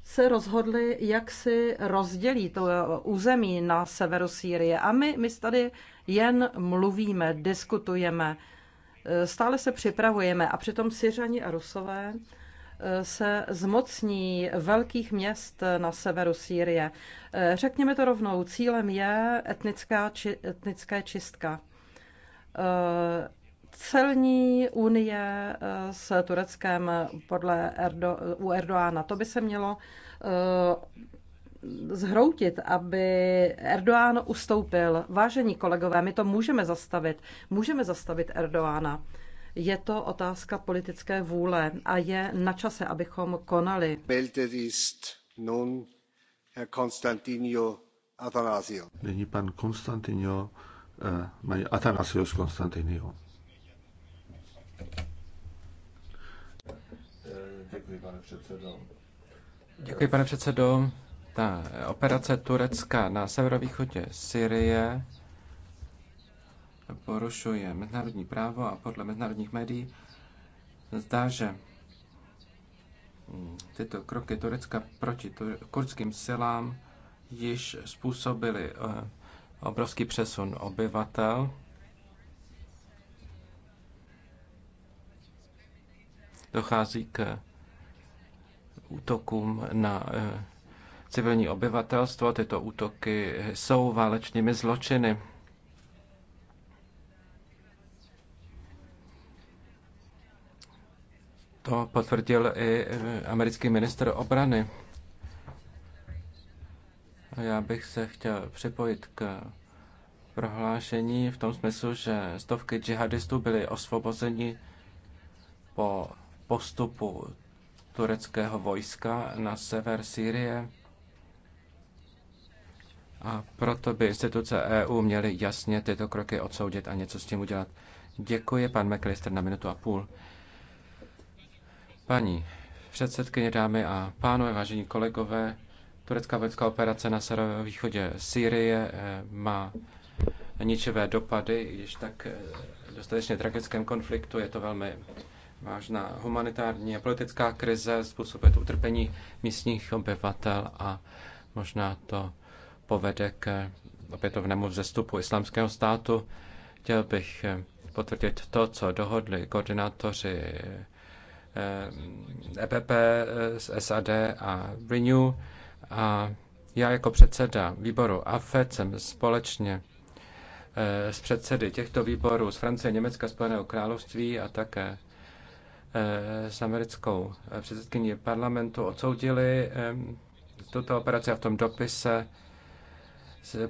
Speaker 4: se rozhodli, jak si rozdělí to území na severu Sýrie. A my, my tady jen mluvíme, diskutujeme, Eh, stále se připravujeme a přitom Syřani a Rusové eh, se zmocní velkých měst na severu Sýrie. Eh, řekněme to rovnou, cílem je etnická či, etnické čistka. Celní unie s Tureckem podle Erdo, u Erdoána, to by se mělo zhroutit, aby Erdoğan ustoupil. Vážení kolegové, my to můžeme zastavit. Můžeme zastavit Erdoána. Je to otázka politické vůle a je na čase, abychom konali.
Speaker 1: Eh,
Speaker 2: Nyní pan Konstantinio, eh, Atanasios Konstantinio. Děkuji, pane předsedo.
Speaker 3: Děkuji, pane předsedo. Ta operace Turecka na severovýchodě Syrie porušuje mezinárodní právo a podle mezinárodních médií zdá, že tyto kroky Turecka proti kurdským silám již způsobily eh, obrovský přesun obyvatel. Dochází k útokům na eh, civilní obyvatelstvo. Tyto útoky jsou válečnými zločiny. To potvrdil i eh, americký minister obrany. Já bych se chtěl připojit k prohlášení v tom smyslu, že stovky džihadistů byly osvobozeni po postupu tureckého vojska na sever Sýrie. A proto by instituce EU měly jasně tyto kroky odsoudit a něco s tím udělat. Děkuji, pan McAllister, na minutu a půl. Paní předsedkyně, dámy a pánové, vážení kolegové, turecká vojenská operace na severovýchodě Sýrie eh, má ničivé dopady, již tak eh, dostatečně tragickém konfliktu je to velmi vážná humanitární a politická krize, způsobuje to utrpení místních obyvatel a možná to povede k opětovnému vzestupu islamského státu. Chtěl bych eh, potvrdit to, co dohodli koordinátoři EPP, eh, e eh, SAD a Renew. A já jako předseda výboru AFED jsem společně s předsedy těchto výborů z Francie, Německa, Spojeného království a také s americkou předsedkyní parlamentu odsoudili tuto operaci a v tom dopise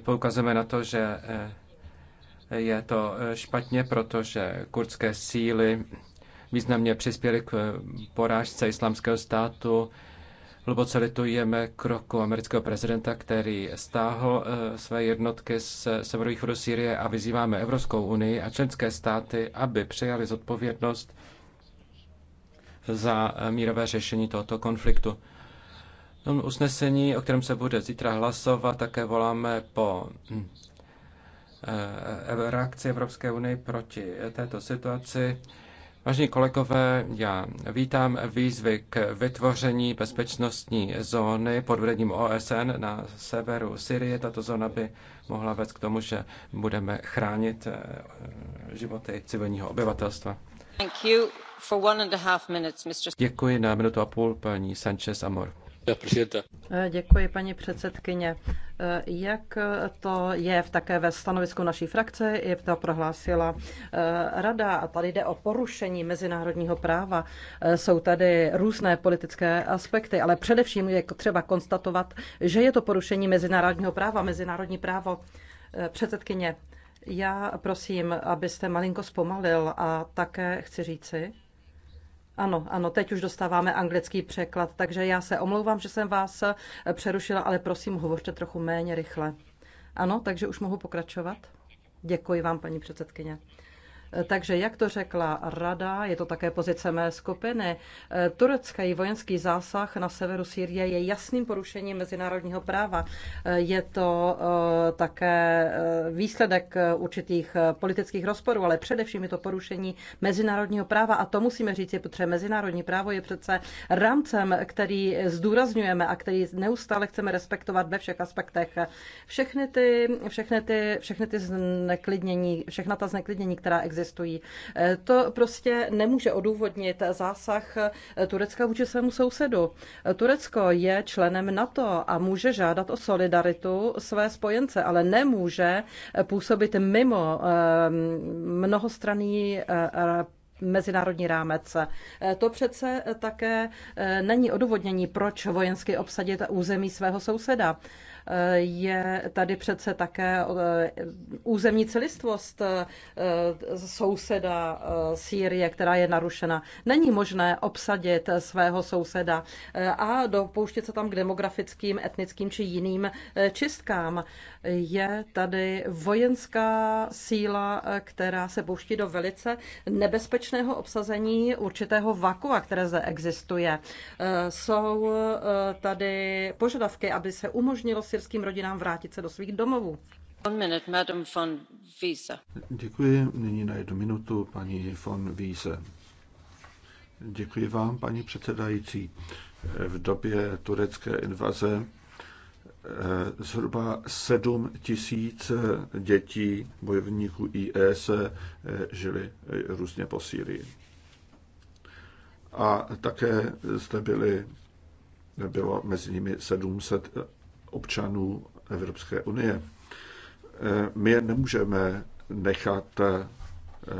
Speaker 3: poukazujeme na to, že eh, je to eh, špatně, protože kurdské síly významně přispěly k eh, porážce islamského státu. Hluboce litujeme kroku amerického prezidenta, který stáhl své jednotky z severovýchodu Sýrie a vyzýváme Evropskou unii a členské státy, aby přijali zodpovědnost za mírové řešení tohoto konfliktu tom usnesení, o kterém se bude zítra hlasovat, také voláme po hm, eh, eh, reakci Evropské unie proti eh, této situaci. Vážení kolegové, já vítám výzvy k vytvoření bezpečnostní zóny pod vedením OSN na severu Syrie. Tato zóna by mohla vést k tomu, že budeme chránit životy civilního obyvatelstva. Děkuji na minutu a půl paní Sanchez Amor.
Speaker 4: Eh, děkuji, paní předsedkyně. Eh, jak to je také ve stanovisku naší frakce, je to prohlásila eh, rada a tady jde o porušení mezinárodního práva. Jsou tady různé politické aspekty, ale především je třeba konstatovat, že je to porušení mezinárodního práva, mezinárodní právo předsedkyně. Já prosím, abyste malinko zpomalil a také chci říci, ano, ano, teď už dostáváme anglický překlad, takže já se omlouvám, že jsem vás eh, přerušila, ale prosím, hovořte trochu méně rychle. Ano, takže už mohu pokračovat. Děkuji vám, paní předsedkyně. Takže, jak to řekla Rada, je to také pozice mé skupiny, turecký vojenský zásah na severu Sýrie je jasným porušením mezinárodního práva. Je to eh, také eh, výsledek eh, určitých politických rozporů, ale především je to porušení mezinárodního práva a to musíme říct, protože mezinárodní právo je přece rámcem, který zdůrazňujeme a který neustále chceme respektovat ve všech aspektech. Všechny ty, všechny ty, všechny ty zneklidnění, všechna ta zneklidnění, která existují, neexistují. Eh, to prostě nemůže odůvodnit zásah eh, Turecka vůči svému sousedu. Eh, Turecko je členem NATO a může žádat o solidaritu své spojence, ale nemůže působit mimo mnohostranný mezinárodní rámec. To přece také není odůvodnění, proč vojensky obsadit území svého souseda je tady přece také eh, územní celistvost eh, souseda eh, Sýrie, která je narušena. Není možné obsadit svého souseda a dopouštět se tam k demografickým, etnickým či jiným čistkám. Je tady vojenská síla, která se pouští do velice nebezpečného obsazení určitého vakua, které zde existuje. Jsou tady požadavky, aby se umožnilo si syrským rodinám vrátit se do svých domovů.
Speaker 2: Děkuji. Nyní na jednu minutu paní von Wiese. Děkuji vám, paní předsedající. V době turecké invaze eh, zhruba 7 tisíc dětí bojovníků IS eh, žili eh, různě po Sýrii. A také zde byly, bylo mezi nimi 700 občanů Evropské unie. Eh, my je nemůžeme nechat eh,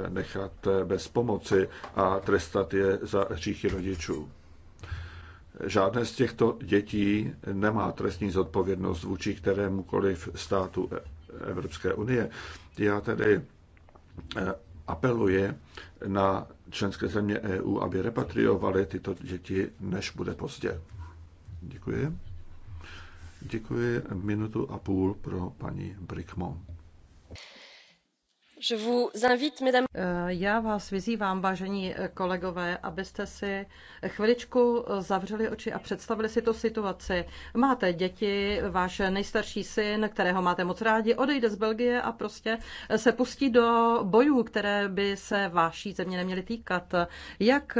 Speaker 2: nechat bez pomoci a trestat je za hříchy rodičů. Žádné z těchto dětí nemá trestní zodpovědnost vůči kterémukoliv státu e- Evropské unie. Já tedy eh, apeluje na členské země EU, aby repatriovali tyto děti, než bude pozdě. Děkuji. Děkuji minutu a půl pro paní Brickmo.
Speaker 4: Eh, já vás vyzývám, vážení eh, kolegové, abyste si chviličku eh, zavřeli oči a představili si tu situaci. Máte děti, váš nejstarší syn, kterého máte moc rádi, odejde z Belgie a prostě se pustí do bojů, které by se váší země neměly týkat. Jak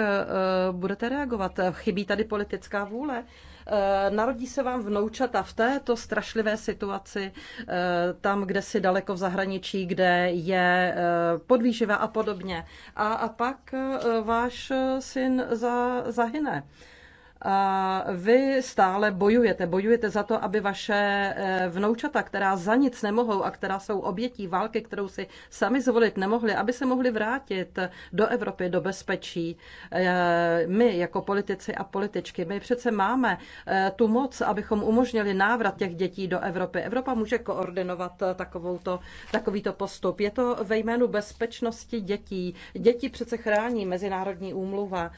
Speaker 4: budete reagovat? Chybí tady politická vůle? Eh, narodí se vám vnoučata v této strašlivé situaci, eh, tam, kde si daleko v zahraničí, kde je eh, podvýživa a podobně. A, a pak váš syn za, zahyne. A vy stále bojujete, bojujete za to, aby vaše eh, vnoučata, která za nic nemohou a která jsou obětí války, kterou si sami zvolit nemohli, aby se mohli vrátit do Evropy, do bezpečí. Eh, my jako politici a političky, my přece máme eh, tu moc, abychom umožnili návrat těch dětí do Evropy. Evropa může koordinovat takovouto, takovýto postup. Je to ve jménu bezpečnosti dětí. Děti přece chrání Mezinárodní úmluva.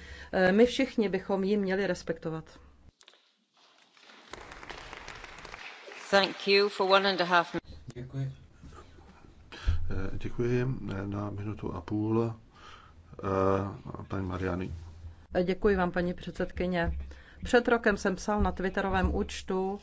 Speaker 4: My všichni bychom jim měli respektovat respektovat.
Speaker 2: Děkuji. Děkuji na minutu a půl. Eh, paní Mariany.
Speaker 4: Děkuji vám, paní předsedkyně. Před rokem jsem psal na twitterovém účtu,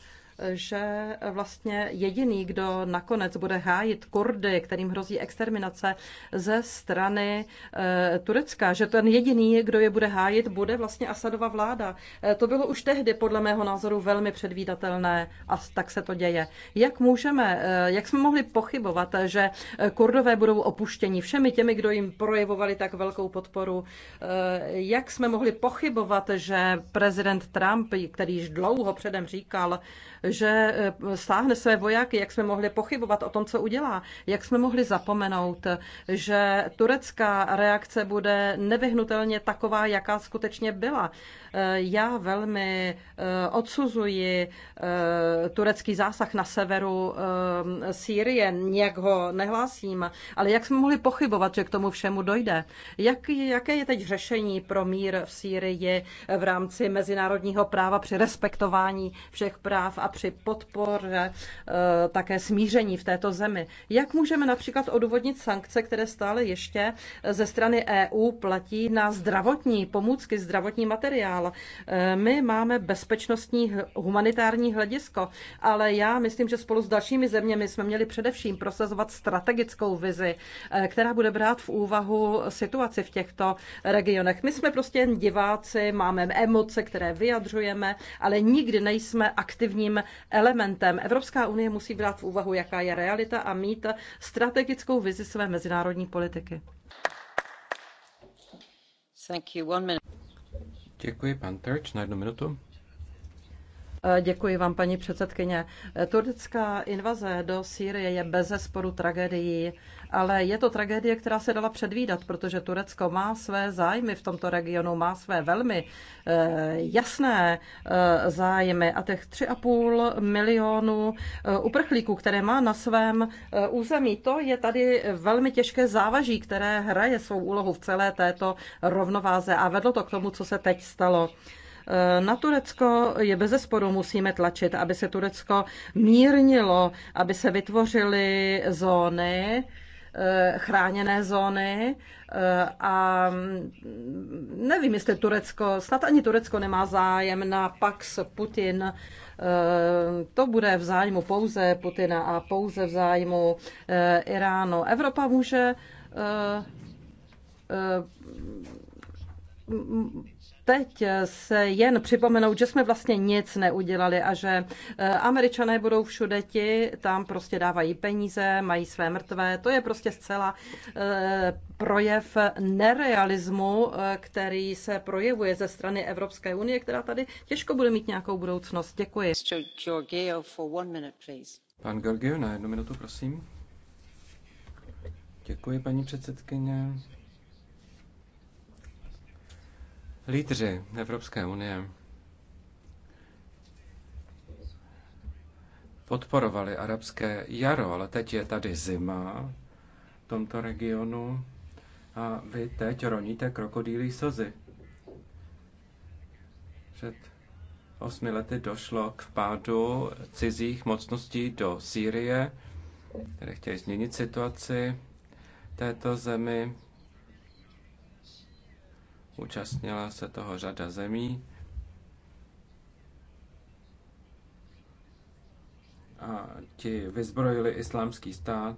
Speaker 4: že vlastně jediný, kdo nakonec bude hájit Kurdy, kterým hrozí exterminace ze strany eh, Turecka, že ten jediný, kdo je bude hájit, bude vlastně Asadova vláda. Eh, to bylo už tehdy podle mého názoru velmi předvídatelné a tak se to děje. Jak můžeme, eh, jak jsme mohli pochybovat, že Kurdové budou opuštěni všemi těmi, kdo jim projevovali tak velkou podporu? Jak jsme mohli pochybovat, že prezident Trump, který již dlouho předem říkal, že eh, stáhne své vojáky, jak jsme mohli pochybovat o tom, co udělá, jak jsme mohli zapomenout, že turecká reakce bude nevyhnutelně taková, jaká skutečně byla. Eh, já velmi eh, odsuzuji turecký zásah na severu Sýrie, nějak ho nehlásím, ale jak jsme mohli pochybovat, že k tomu všemu dojde? Jak, jaké je teď řešení pro mír v Sýrii v rámci mezinárodního práva při respektování všech práv a při podpoře eh, také smíření v této zemi. Jak můžeme například odvodnit sankce, které stále ještě eh, ze strany EU platí na zdravotní pomůcky, zdravotní materiál? Eh, my máme bezpečnostní humanitární hledisko, ale já myslím, že spolu s dalšími zeměmi jsme měli především prosazovat strategickou vizi, která bude brát v úvahu situaci v těchto regionech. My jsme prostě diváci, máme emoce, které vyjadřujeme, ale nikdy nejsme aktivním elementem. Evropská unie musí brát v úvahu, jaká je realita a mít strategickou vizi své mezinárodní politiky.
Speaker 3: Děkuji, pan Terč, na jednu minutu.
Speaker 4: Eh, děkuji vám, paní předsedkyně. Eh, Turecká invaze do Sýrie je bez zesporu tragédií, ale je to tragédie, která se dala předvídat, protože Turecko má své zájmy v tomto regionu, má své velmi eh, jasné zájmy a těch 3,5 milionů uprchlíků, které má na svém území, to je tady velmi těžké závaží, které hraje svou úlohu v celé této rovnováze a vedlo to k tomu, co se teď stalo. Na Turecko je bez zesporu musíme tlačit, aby se Turecko mírnilo, aby se vytvořily zóny, eh, chráněné zóny eh, a mm, nevím, jestli Turecko, snad ani Turecko nemá zájem na Pax Putin. Eh, to bude v zájmu pouze Putina a pouze v zájmu Iránu. Evropa může teď se jen připomenout, že jsme vlastně nic neudělali a že eh, američané budou všude ti, tam prostě dávají peníze, mají své mrtvé. To je prostě zcela eh, projev nerealismu, eh, který se projevuje ze strany Evropské unie, která tady těžko bude mít nějakou budoucnost. Děkuji.
Speaker 3: Pan Georgio, na jednu minutu, prosím. Děkuji, paní předsedkyně. Lídři Evropské unie podporovali arabské jaro, ale teď je tady zima v tomto regionu a vy teď roníte krokodýlí slzy. Před osmi lety došlo k vpádu cizích mocností do Sýrie, které chtějí změnit situaci této zemi. Účastnila se toho řada zemí. A ti vyzbrojili islámský stát.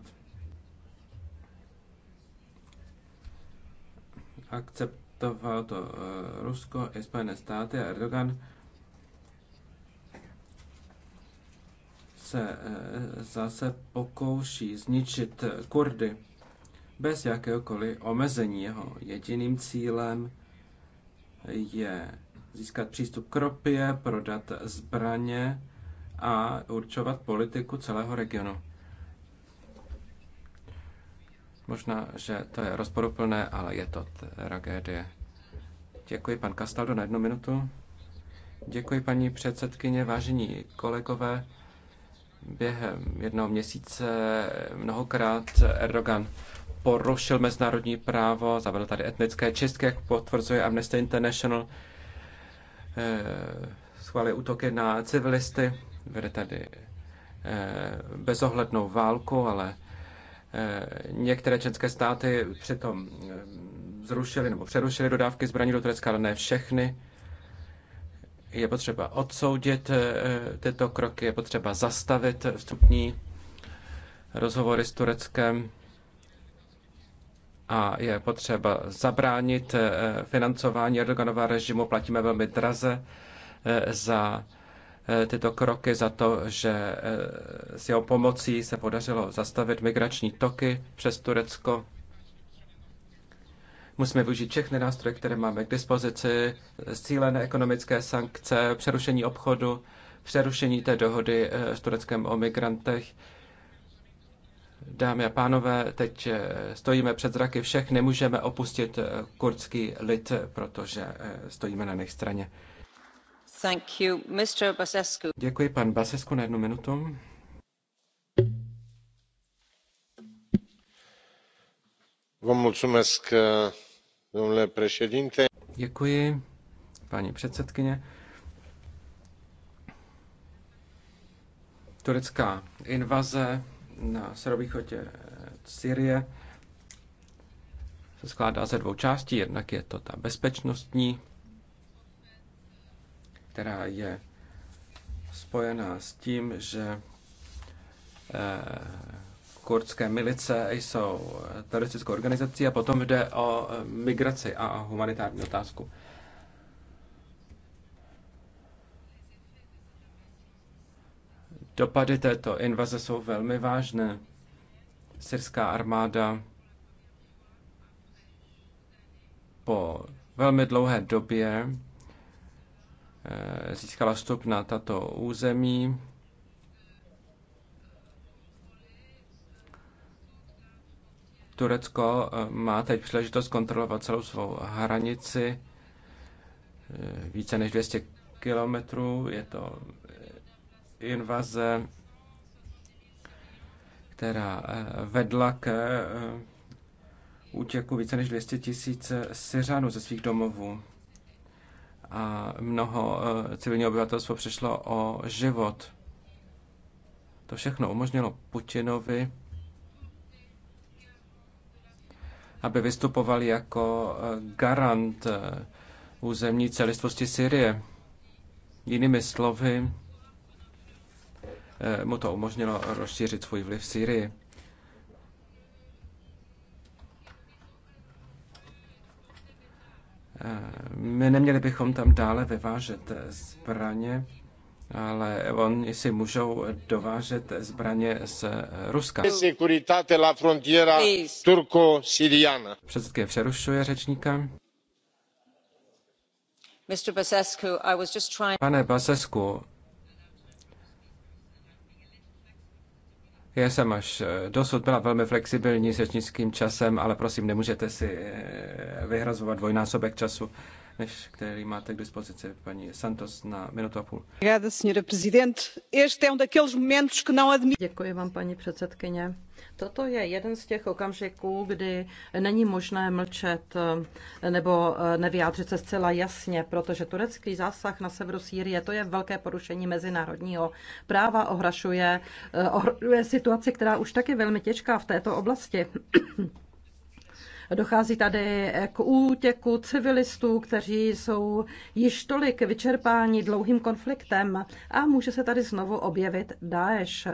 Speaker 3: Akceptoval to eh, Rusko i Spojené státy a Erdogan se eh, zase pokouší zničit Kurdy bez jakéhokoliv omezení. Jeho jediným cílem je získat přístup k ropě, prodat zbraně a určovat politiku celého regionu. Možná, že to je rozporuplné, ale je to tragédie. Děkuji, pan Castaldo, na jednu minutu. Děkuji, paní předsedkyně, vážení kolegové. Během jednoho měsíce mnohokrát Erdogan porušil mezinárodní právo, zavedl tady etnické čistky, jak potvrzuje Amnesty International, eh, schválil útoky na civilisty, vede tady eh, bezohlednou válku, ale eh, některé české státy přitom zrušily nebo přerušily dodávky zbraní do Turecka, ale ne všechny. Je potřeba odsoudit tyto kroky, je potřeba zastavit vstupní rozhovory s Tureckem a je potřeba zabránit eh, financování Erdoganova režimu. Platíme velmi draze eh, za eh, tyto kroky, za to, že s jeho pomocí se podařilo zastavit migrační toky přes Turecko. Musíme využít všechny nástroje, které máme k dispozici, cílené ekonomické sankce, přerušení obchodu, přerušení té dohody s Tureckem o migrantech, Dámy a pánové, teď eh, stojíme před zraky všech, nemůžeme opustit eh, kurdský lid, protože eh, stojíme na jejich straně. Thank you. Mr. Basescu. Děkuji, pan Basescu, na jednu minutu. děkuji paní předsedkyně turecká invaze na severovýchodě eh, Syrie se skládá ze dvou částí. Jednak je to ta bezpečnostní, která je spojená s tím, že eh, kurdské milice jsou eh, teroristickou organizací a potom jde o migraci a humanitární otázku. Dopady této invaze jsou velmi vážné. Syrská armáda po velmi dlouhé době eh, získala vstup na tato území. Turecko eh, má teď příležitost kontrolovat celou svou hranici eh, více než 200 kilometrů. Je to invaze, která eh, vedla k eh, útěku více než 200 tisíc Syřanů ze svých domovů a mnoho eh, civilního obyvatelstva přišlo o život. To všechno umožnilo Putinovi, aby vystupoval jako garant územní celistvosti Syrie. Jinými slovy, Eh, mu to umožnilo rozšířit svůj vliv v Syrii. Eh, my neměli bychom tam dále vyvážet zbraně, ale oni si můžou dovážet zbraně z eh, Ruska.
Speaker 1: Securitate frontiera siriana
Speaker 3: Předsedkyně přerušuje řečníka. Pane Basescu, Já jsem až eh, dosud byla velmi flexibilní s časem, ale prosím, nemůžete si eh, vyhrazovat dvojnásobek času než který máte k dispozici, paní Santos, na minutu a půl.
Speaker 4: Um Děkuji vám, paní předsedkyně. Toto je jeden z těch okamžiků, kdy není možné mlčet eh, nebo eh, nevyjádřit se zcela jasně, protože turecký zásah na severu Sýrie, to je velké porušení mezinárodního práva, ohrašuje, eh, ohrašuje situaci, která už taky velmi těžká v této oblasti. Dochází tady k útěku civilistů, kteří jsou již tolik vyčerpáni dlouhým konfliktem a může se tady znovu objevit Daesh.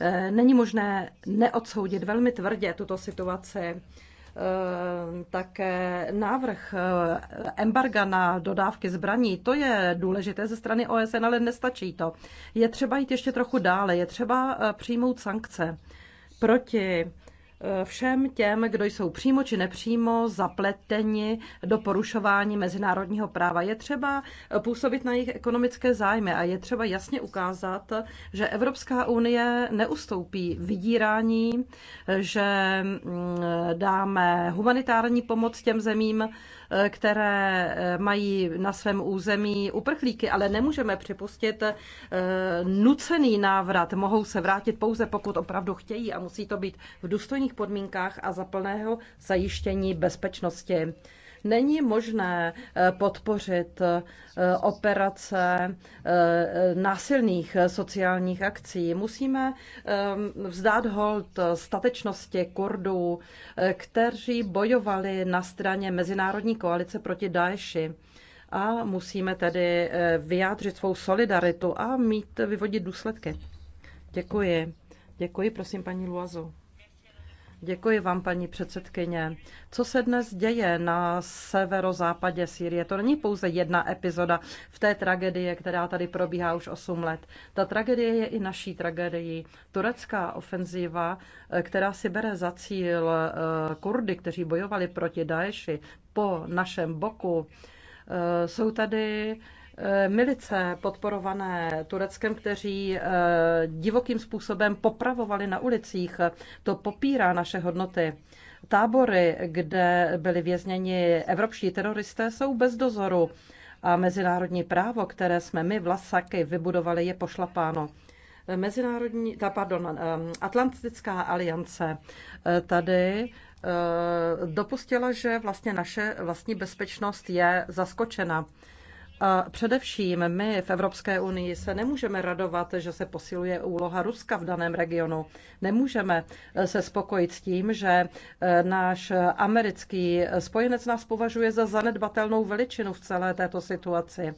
Speaker 4: Eh, není možné neodsoudit velmi tvrdě tuto situaci eh, také návrh eh, embarga na dodávky zbraní, to je důležité ze strany OSN, ale nestačí to. Je třeba jít ještě trochu dále, je třeba přijmout sankce proti všem těm, kdo jsou přímo či nepřímo zapleteni do porušování mezinárodního práva. Je třeba působit na jejich ekonomické zájmy a je třeba jasně ukázat, že Evropská unie neustoupí vydírání, že mm, dáme humanitární pomoc těm zemím, které eh, mají na svém území uprchlíky, ale nemůžeme připustit eh, nucený návrat. Mohou se vrátit pouze, pokud opravdu chtějí a musí to být v důstojných podmínkách a za plného zajištění bezpečnosti. Není možné eh, podpořit eh, operace eh, násilných sociálních akcí. Musíme vzdát hold statečnosti Kurdů, kteří bojovali na straně Mezinárodní koalice proti Daeši a musíme tedy vyjádřit svou solidaritu a mít vyvodit důsledky. Děkuji. Děkuji, prosím, paní Luazo. Děkuji vám, paní předsedkyně. Co se dnes děje na severozápadě Sýrie? To není pouze jedna epizoda v té tragedii, která tady probíhá už 8 let. Ta tragedie je i naší tragedií. Turecká ofenzíva, eh, která si bere za cíl eh, Kurdy, kteří bojovali proti Daeši po našem boku, eh, jsou tady Eh, milice podporované Tureckem, kteří eh, divokým způsobem popravovali na ulicích. To popírá naše hodnoty. Tábory, kde byli vězněni evropští teroristé, jsou bez dozoru a mezinárodní právo, které jsme my vlasaky vybudovali, je pošlapáno. Eh, mezinárodní, ta, pardon, Atlantická aliance tady dopustila, že vlastně naše vlastní bezpečnost je zaskočena. A především my v Evropské unii se nemůžeme radovat, že se posiluje úloha Ruska v daném regionu. Nemůžeme eh, se spokojit s tím, že eh, náš americký spojenec nás považuje za zanedbatelnou veličinu v celé této situaci.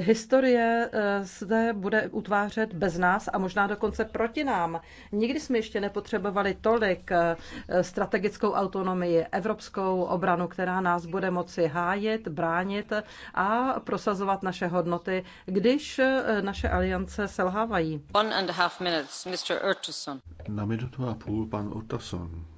Speaker 4: Historie eh, zde bude utvářet bez nás a možná dokonce proti nám. Nikdy jsme ještě nepotřebovali tolik eh, strategickou autonomii, evropskou obranu, která nás bude moci hájit, bránit a prosazovat naše hodnoty, když eh, naše aliance selhávají. One and a half minutes, Mr.
Speaker 2: Na minutu a půl pan Urtason.